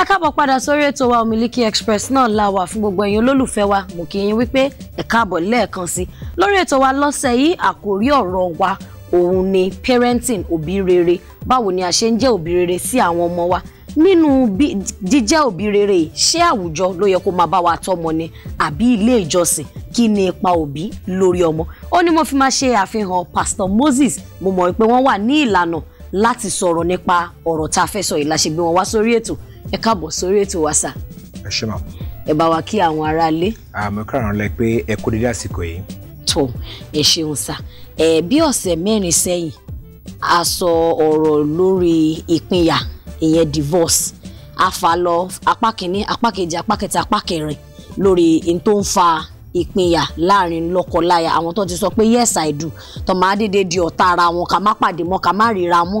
ẹ káàbọ̀ padà sórí ètò wa Miliki Express náà la wà fún gbogbo ẹ̀yin olólùfẹ́ wa mo kí yín wípé ẹ káàbọ̀ lẹ́ẹ̀kan sí lórí ètò wa lọ́sẹ̀ yìí àkòrí ọ̀rọ̀ wa òun ni parenting òbí rere báwo ni a ṣe ń jẹ́ òbí rere sí àwọn ọmọ wa nínú jíjẹ́ òbí rere ṣé àwùjọ ló yẹ kó máa bá wa tọ́mọ ni àbí ilé ìjọsìn kí ni ipa òbí lórí ọmọ ó ní mo fi máa ṣe àfihàn Pastor Moses mo mọ̀ pé wọ́n wà ní ìlànà láti sọ̀rọ̀ nípa ọ̀rọ̀ tá fẹ́ sọ yìí la ṣe gbé wọn wá sórí ètò ẹ káàbọ̀ sórí ètò wa sà. ẹ ṣe mà. ẹ bá wa kí àwọn aráalé. àmọ́ kàrán lẹ pé ẹ kú dédé àsìkò yìí. tó ẹ ṣeun sà ẹ bí ọ̀sẹ̀ mẹ́rin sẹ́yìn a sọ ọ̀rọ̀ lórí ìpínyà ìyẹn divorce a fà lọ apá kìíní apá kejì apá kẹta apá kẹrin lórí n tó ń fa ìpínyà láàrin lọ́kọláya àwọn tó ti sọ pé yes i do tó máa dédé di ọ̀tá ara wọn ká má pàdé mọ́ ká má ríra mọ́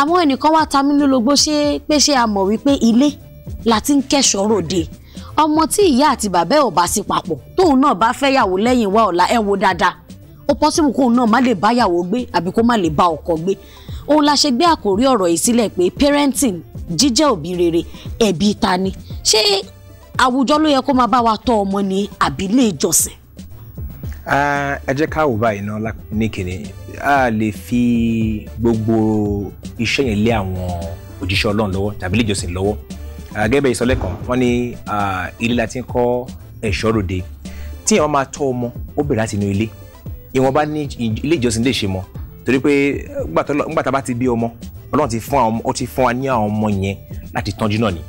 àwọn ẹnìkan wá ta mí lólobó ṣé pé ṣé a mọ̀ wípé ilé la ti ń kẹ́ṣọ̀ọ́ ròde ọmọ tí ìyá àti bàbá ẹ̀ ò bá sí papọ̀ tóun náà bá fẹ́ yàwó lẹ́yìn wa ọ̀la ẹ̀ wo dáadáa ó pọ́sibù kóun náà má lè bá yàwó gbé àbí kó má lè bá ọkọ gbé òun la ṣe gbé àkòrí ọ̀rọ̀ yìí sílẹ̀ pé parenting jíjẹ́ òbí rere ẹ̀bi ta ni ṣé àwùjọ ló yẹ kó máa bá wa tọ́ ọmọ ní àbílẹ̀ ìjọsìn. ẹ jẹ́ ká wò báyìí náà ní a lè fi gbogbo iṣẹ́ yẹn lé àwọn òjíṣẹ́ ọlọ́run lọ́wọ́ tàbí ilé ìjọsìn lọ́wọ́ gẹ́gẹ́ bẹ́ẹ̀ ìsọlẹ̀ kan wọ́n ní ilé la ti ń kọ́ ẹ̀ṣọ́ ròde tí ìwọ́n máa tọ́ ọmọ ó bẹ̀rẹ̀ láti inú ilé ìwọ́n bá ní ilé ìjọsìn lè ṣe mọ́ torí pé ńgbà tá a bá ti bí ọmọ ọlọ́run ti fún wa ní àwọn ọmọ yẹn láti tọ́jú náà ni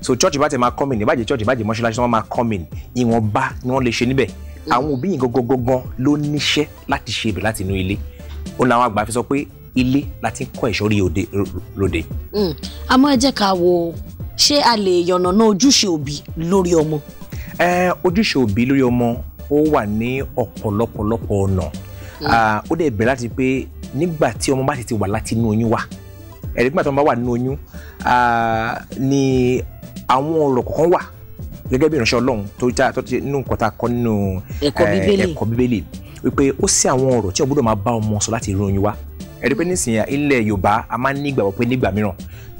so church bá tẹ máa come in ìbàjẹ́ church ìbàjẹ́ mọ́ṣáláṣí tí wọ́n máa come in ìwọ̀nba ni wọ́n lè ṣe níbẹ̀ mm. àwọn òbí yìí gangan gangan ló níṣẹ́ láti ṣe ibẹ̀ láti inú ilé ó làwọn àgbà fi sọ pé ilé láti kọ́ ẹ̀ṣọ́ rí ròde. Mm. àmọ́ ẹ jẹ́ ká wo ṣé a lè yànnàná ojúṣe òbí lórí ọmọ. ojúṣe òbí lórí ọmọ ó wà ní ọ̀pọ̀lọpọ̀lọpọ̀ ọ̀nà mm. ó dẹ̀ bẹ̀rẹ̀ láti pé nígbà tí ọmọ bá ti wà láti inú oyún wa ẹ̀rí nígbà tí ọmọ bá wà nínú oyún ni àwọn ọ̀rọ̀ kọ̀ọ̀kan wà gẹ́gẹ́ bí ìránṣẹ́ Ọlọ́run tó já tó ti nínú nǹkan tá a kọ́ nínú eh, ẹ̀kọ́ bíbélì wípé ó sí àwọn ọ̀rọ̀ tí ọ̀gbọ́dọ̀ máa bá ọmọ sọ láti rí oyún wá ẹ̀rí pé nísìnyí ilẹ̀ Yorùbá a máa ń ní ìgbàgbọ́ pé nígbà mìíràn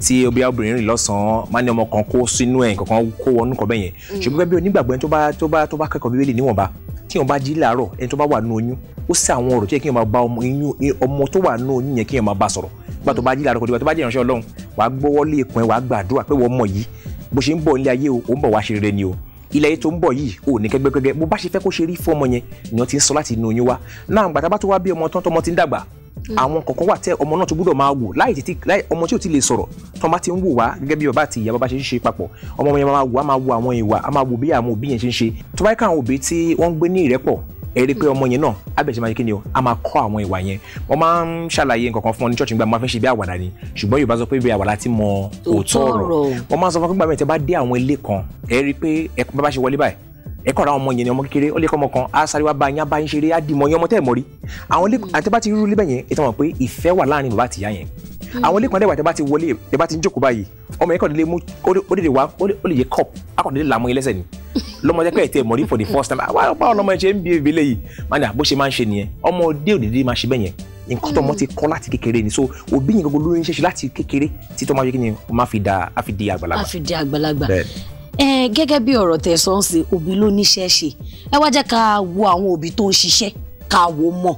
tí obìnrin obìnrin rìn lọ́sàn-án máa ní ọmọ kan kó sínú ẹ̀ kankan kó wọnú kan bẹ́yẹn mm. ṣùgbọ́n bí onígbàgbọ́ ẹni tó bá tó bá tó bá kẹ́kọ̀ọ́ bíbélì níwọ̀nba tí wọ́n bá jí láàárọ̀ ẹni tó bá wà nínú oyún ó sì àwọn ọ̀rọ̀ tí yẹ kí wọ́n máa bá ọmọ tó wà nínú oyún yẹn kí wọ́n máa bá sọ̀rọ̀ gbà tó bá jí láàárọ̀ kò bó ṣe ń bọ̀ nílé ayé o ò ń bọ̀ wá ṣe rere ni o ilẹ̀ yìí tó ń bọ̀ yìí ò ní kẹ́gbẹ́kẹ́gbẹ́ bó bá ṣe fẹ́ kó ṣe rí fún ọmọ yẹn ni wọ́n ti ń sọ láti inú oyún wá náà gbàtà bá tó wá bí ọmọ tán tọmọ ti ń dàgbà hmm. àwọn kọ̀ọ̀kan wà tẹ ọmọ náà tó gbúdọ̀ máa wò láì tètè láì ọmọ tí ò ti lè sọ̀rọ̀ tán bá ti ń wò wá gẹ́gẹ́ bí bàbá àti ìyá bàbá ṣe ń ṣe papọ̀ ọmọ yẹn máa wò á máa wo àwọn ìwà á máa wo bí àwọn òbí yẹn ṣe ń ṣe tó bá yẹ káwọn òbí tí wọ́n ń gbé ní ìrẹ́pọ̀ ẹ rí i pé ọmọ yẹn náà abẹ́sẹ̀ máa ṣe kí ni o a máa kọ́ àwọn ìwà yẹn wọ́n máa ń ṣàlàyé nǹkan kan fún ọ ní church nígbà máa fẹ́ ṣe bí àwàdà ni ṣùgbọ́n Yorùbá sọ pé bí àwàdà ti mọ òótọ́ ọ̀rọ̀ wọ́n máa sọ fún pé gbàgbé tẹ bá dé àwọn ilé kan ẹ rí i pé ẹ bá ṣe wọlé báyìí ẹ kọ́ ra ọmọ yẹn ni ọmọ kékeré ó lè kọ́ ọmọ kan á sáré wá bá yín á bá yín ṣeré á dìmọ̀ yín ọmọ tẹ́ ẹ̀ mọ́ rí àwọn ilé àti bá ti rú ilé bẹ́ẹ̀ yẹn ẹ tẹ́ mọ̀ pé ìfẹ́ wà láàrin bàbá àtìyá yẹn hmm. àwọn ilé kan dẹ́gbà tẹ́ bá ti wọlé tẹ́ bá ti ń jókòó báyìí ọmọ yẹn kàn lè mú ó lè wá ó lè yẹ cup á kàn lè làmú yín lẹ́sẹ̀ ni lọ́mọdé pé ètè ìmọ̀rí for the first time àwọn ọmọ ọlọmọ ẹ̀ ṣe ń bí ebi léyìí máa ní àbó ṣe máa ń ṣe nìyẹn ọmọdé òdìdí máa ṣe bẹ́ẹ̀ yẹn nǹkan tó ọmọ ti kọ́ láti kékeré ni so òbí yẹn gbogbo lórí ń ṣeṣe láti kékeré tí tó máa ṣe kí ni ó máa fi da á fi di àgbàlagbà. á fi di àgbàlagbà ẹ gẹ́gẹ́ bí ọ̀rọ̀ tẹ̀sán sí òbí ló níṣẹ́ ṣe ẹ wá jẹ́ ká wo àwọn òbí tó ń ṣiṣẹ́ ká wo mọ̀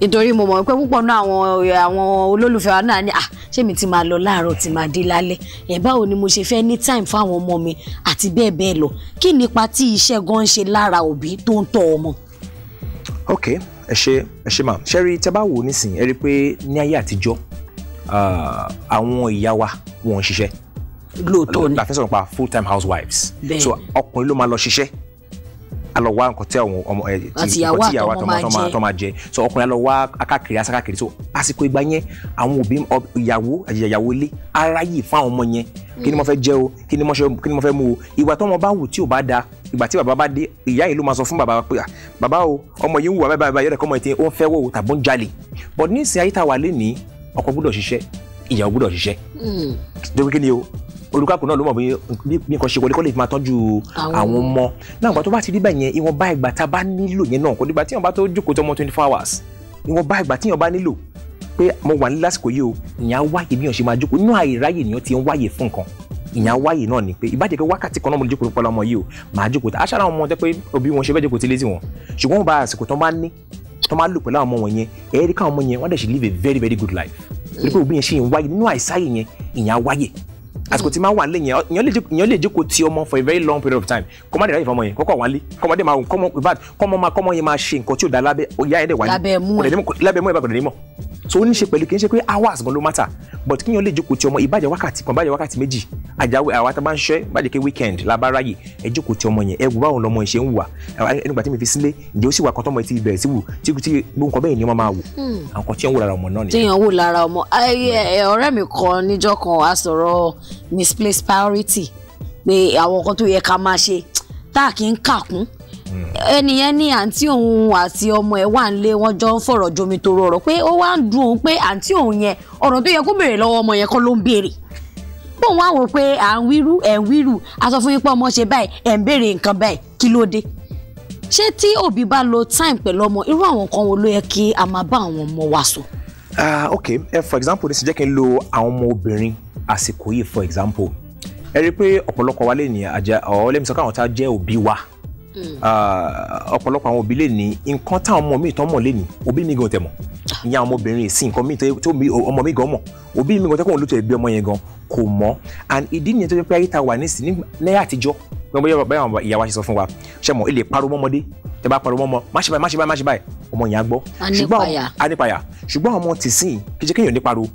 nítorí mo mọ̀ pé púpọ̀ náà àwọn àwọn olólùfẹ́ wa náà ni à ah, ṣé mi ti máa lọ láàárọ̀ ti máa dé lálẹ́ ẹ̀ báwo ni mo ṣe fẹ́ ní time fáwọn ọmọ mi àti bẹ́ẹ̀ bẹ́ẹ̀ lọ kí nípa tí iṣẹ́ gan ń ṣe lára òbí tó ń tọ́ ọmọ. ok ẹ ṣe ẹ ṣe máa ṣe rí tẹ bá wò nísìnyí ẹ rí i pé ní ayé àtijọ́ àwọn ìyá wa wọn ń ṣiṣẹ́ lóòótọ́ ni la fẹ́ sọ̀rọ̀ pa full time housewives so ọkùnrin ló máa lọ ṣiṣẹ́ alọ wá nǹkan tí àwọn ọmọ ẹ ti nǹkan tí ìyàwó àtọmọ tó máa jẹ so ọkùnrin alọ wá akákiri asákàkiri so àsìkò ìgbà yẹn àwọn òbí ìyàwó ìyàwó ilé aráyè fún àwọn ọmọ yẹn kí ni mm. mo fẹ́ jẹ o kí ni mo fẹ́ mu o ìwà tọmọ bá wù tí ò bá da ìgbà tí bàbá bá dé ìyá yìí ló máa sọ fún bàbá pé bàbá o ọmọ yìí ń wù bàbá yọ̀dọ̀ kọ́mọ ìtẹ́ ó ń fẹ́ wò ó tàbí ó ń jalè but ní ìsìn ayé tá a wà lé ní ọkọ gbọ́dọ̀ ṣiṣẹ́ ìyàwó gbọ́dọ̀ ṣiṣẹ́. Mm. dókè kí ni o olùkàkùn náà ló mọ̀ bí nǹkan ṣe wọlé kó lè fi máa tọ́jú àwọn ọmọ náà ìgbà tó bá ti rí bẹ́ẹ̀ yẹn ìwọ̀nba ìgbà tá a bá nílò yẹn náà kò dìgbà tíyàn bá tó jókòó tọmọ twenty four hours ìwọ̀nba ìgbà tíyàn bá nílò pé mo wà ní lásìkò yìí o ìyẹn á bí yàn ṣe máa jókòó inú àìráyè nìyàn ti ń wáyè fún nǹkan ìyẹn á náà ni pé ìbàjẹ́ pé wákàtí kan náà mo lè jókòó pẹ̀lú ọmọ yìí o màá jókòó tá aṣáájú àwọn ọmọ tẹ́ pé òbí wọn ṣe bẹ́ẹ̀ jókòó tilé tiwọn ṣùgbọ́n wọn bá àsìkò tán bá ní tán bá lò pẹ̀lú àwọn ọmọ wọn yẹn ẹ̀ẹ́dì káwọn ọmọ yẹn wọ́n dẹ̀ ṣe live a very very good life. pé òbí yẹn ṣe ń nínú àìsáyè yẹn ìyẹn á àsìkò tí máa wà nílé yẹn ìyẹn lè jókòó ti ọmọ for a very long period of time kó má dé ráyè fọmọ yẹn kọ́kọ́ wálé kọ́mọdé máa wù kọ́mọ ìbáàd kọ́mọ máa kọ́mọ yẹn máa ṣe nǹkan tí ò dá lábẹ́ ìyá ẹ̀ dẹ̀ wálé lábẹ́ mú ẹ̀ bá kò dẹ̀ nímọ̀ so ó ní ṣe pẹ̀lú kì í ṣe pé hours gan ló matter but kí yẹn lè jókòó ti ọmọ ìbàjẹ́ wákàtí kan bàjẹ́ wákàtí méjì àjáwé àwa tá a bá ń ṣe bàjẹ́ pé weekend la bá ráyè ẹ jókòó ti ọmọ yẹn ẹ wù báwọn lọmọ yẹn ṣe ń wà ẹnugbà tí mi fi sílé ǹjẹ́ ó sì wà kan tọmọ ti bẹ̀rẹ̀ sí wù tí gbóǹkọ bẹ́ẹ̀ ni wọ́n máa wù hmm. àwọn kan tí yẹn wò lára ọmọ náà nìyẹn. tí yẹn wò lára ọmọ ọ̀rẹ́ mi kan níjọ́ kan a sọ̀rọ̀ misplaced priority pé àwọn nǹkan tó yẹ ká máa ṣe tá a kì í kàkún ẹnìyẹn ní àǹtí òun àti ọmọ ẹ̀ wà ń lé wọn jọ ń fọ̀rọ̀ jomi toro ọ̀rọ̀ pé ó wá ń dùn òun pé àǹtí òun yẹn ọ̀rọ̀ tó yẹ kó béèrè lọ́wọ́ ọmọ yẹn kọ́ ló ń béèrè bóun wá wò pé à ń wíru ẹ̀ ń wíru a fún yín ọmọ ṣe báyìí ẹ̀ ń béèrè nǹkan báyìí kí ló dé ṣé tí òbí bá lo time pẹ̀lú ọmọ irú àwọn kan wo ló yẹ kí a máa bá àwọn ọmọ wa sọ. ah ok eh, for example ní sè jẹ́ kí n lo àwọn ọmọ obìnrin àsìkò yìí for example ẹ rí i pé ọ̀pọ̀lọpọ̀ wa lè ní àjẹ ọ̀ lẹ́mi sọ káwọn tá a jẹ́ òbí wa mm. ọ̀pọ̀lọpọ̀ àwọn òbí lè ní nǹkan táwọn ọmọ mi tán mọ̀ lè ní òbí mi gan tẹ̀ mọ̀ ìyá ọmọbìnrin sí nǹkan mi tó ọmọ mi gan mọ̀ òbí mi gan tẹ́kùn olùtọ̀ ẹ̀bí ọmọ yẹn gan kò mọ̀ and ìdí nìyẹn tó jẹ́ pé ayé ta wà nísìnyí lẹ́yà àtijọ́ gbọ́n bẹ́ẹ̀ àwọn ìyá wa ṣe sọ fún wa ṣe mọ̀ ilé parọ́ mọ́mọdé tẹ bá parọ́ mọ́mọ má ṣe báyìí má ṣe báyìí má ṣe báyìí ọmọ yẹn á gbọ́ ṣùgbọ́n anípayà ṣùgbọ́n ọmọ tìsín kìí ṣe kéèyàn ní parọ́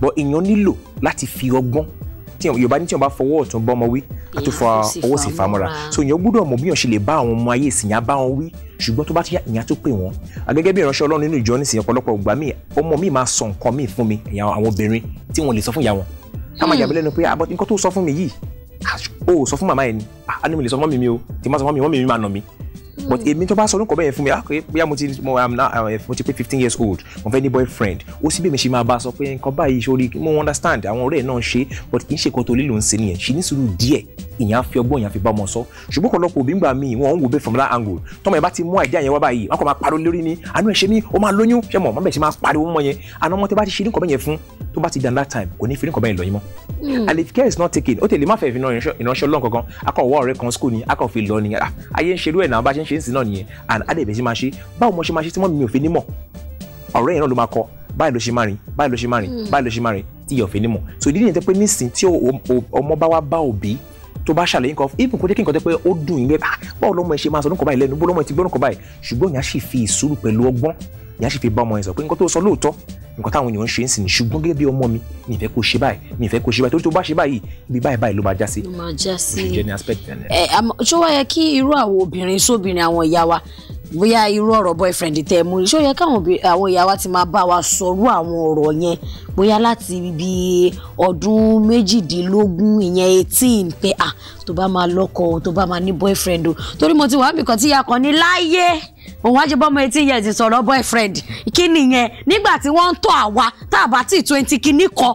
but ìyàn nílò láti fi ọgbọ́n tí yorùbá ní tí wọn bá fọwọ́ ọ̀tún bá ọmọ wí àti fọ ọwọ́ sì fà mọ́ra so èèyàn gbọ́dọ̀ mọ̀ bí èèyàn ṣe lè bá àwọn ọmọ ayé ìsìn yẹn bá wọn wí ṣùgbọ́n tó bá ti yá ìyẹn tó pè wọ́n àgbẹ̀gẹ́ bí ìránṣẹ́ ọlọ́run nínú ìjọ nísìnyí ọ̀pọ̀lọpọ̀ ìgbà míì ọmọ mi máa sọ nǹkan míì fún mi àwọn obìnrin tí wọn lè sọ fún ìyá wọn ká máa yàgbẹ́ hmm. lẹ́nu pé àbọ̀ ah, nǹkan tó sọ fún mi yìí ó ah, sọ fún màmá yẹn ni á ah, ní mo lè sọ fún mọ́mí mi o tí mo sọ fún mọ́mí mọ́mí mi máa nà mí but èmi tó bá sọ orúkọ bẹ́ẹ̀ fún mi àkókò ah, bóyá mo ti mo am now uh, mo ti pé fifteen years old mo fẹ́ ní boyfriend ó sì bí mi ṣe máa bá a sọ pé nǹkan báyìí sórí mo understand àwọn ọ̀rẹ́ náà ṣe but kì í ṣe nǹkan tó lílo ń ṣe nìyẹn ṣe ní sùúrù díẹ̀ ìyẹn á fi ọgbọ́n ìyẹn á fi bá ọmọ sọ ṣùgbọ́n ọ̀pọ̀lọpọ̀ òbí ń gbà míì wọn ò ń wò bẹ́ẹ̀ from that angle tọ́mọ ẹ bá ti mú àìdíyà yẹn wá báyìí wọn kò máa pariwo lórí ni àánú ẹ ṣe mí ó máa lóyún ṣe mọ̀ mọ́ bẹ́ẹ̀ ṣe máa pariwo mọ́ yẹn àná ọmọ tẹ bá ti ṣe nǹkan bẹ́ẹ̀ yẹn fún tó bá ti dàn that time kò ní fi nǹkan bẹ́ẹ̀ lọ yín mọ́ mm. and if care is not taken ó tẹ̀lé má fẹ́ fi ìránṣẹ́ ọlọ́run kankan akọ̀ wọ́ ọ̀rẹ́ kan school ni akọ̀ fi lọ nìyẹn ah, ayé ń ṣerú ẹ̀ náà bá ṣe ń ṣe ń sìn náà nìyẹn and á dẹ̀ bẹ̀ sí máa ṣe báwo mo ṣe máa ṣe tí wọ́n mi ò fi ní mọ̀ ọ̀rẹ́ yẹn náà ló máa kọ báyìí ló ṣe máa rìn báyìí ló ṣe máa rìn hmm. báyìí ló ṣe máa rìn tí ìyọ̀ fi ní mọ̀ so ìdí nìyẹn tẹ́ pé nísìn tí ọmọ bá wá bá òbí tó bá ṣàlàyé nǹkan even kó jẹ́ kí nǹkan tẹ́ pé ó dùn yín pé ah, báwo lọ́mọ ẹ ṣe máa sọ lóko báyìí lẹ́nu bó lọ́mọ ẹ ti gbọ́ lóko báyìí ṣùgbọ́n ìyá sì fi ìṣúrù pẹ̀lú ọgbọ́n ìyá sì fi bá ọmọ yẹn sọ pé nǹkan tó sọ lóòótọ́ nǹkan táwọn èèyàn ń ṣe ń sìn ní ṣùgbọ́n gẹ́gẹ́ bí ọmọ mi mi ìfẹ́ kó ṣe báyìí mi ìfẹ́ kó ṣe báyìí torí tó bá ṣe báyìí ibi báyìí báyìí ló máa já sí. ló máa já sí oṣù jẹ ní aspect ẹ. ẹ ṣó wá yẹ kí irú àwọn obìnrin sóbìnrin àwọn ìyá wa bóyá irú ọ̀rọ̀ boyfriend tẹ mú ni ṣó yẹ káwọn àwọn ìyá wa ti máa bá wa sọrú àwọn ọ̀rọ̀ yẹn bóyá láti ibi ọdún méjìdínlógún ìyẹn eighteen pé ah tó bá máa lọ́kọ tó bá máa ní boyfriend o torí mo ti wà á bìkan tí ìyá kan ní láyé òun á ṣe bọ́mọ eighteen years sọ̀rọ̀ boyfriend kí nìyẹn nígbà tí wọ́n ń tọ́ àwa tá a bá tí twenty kìíní kọ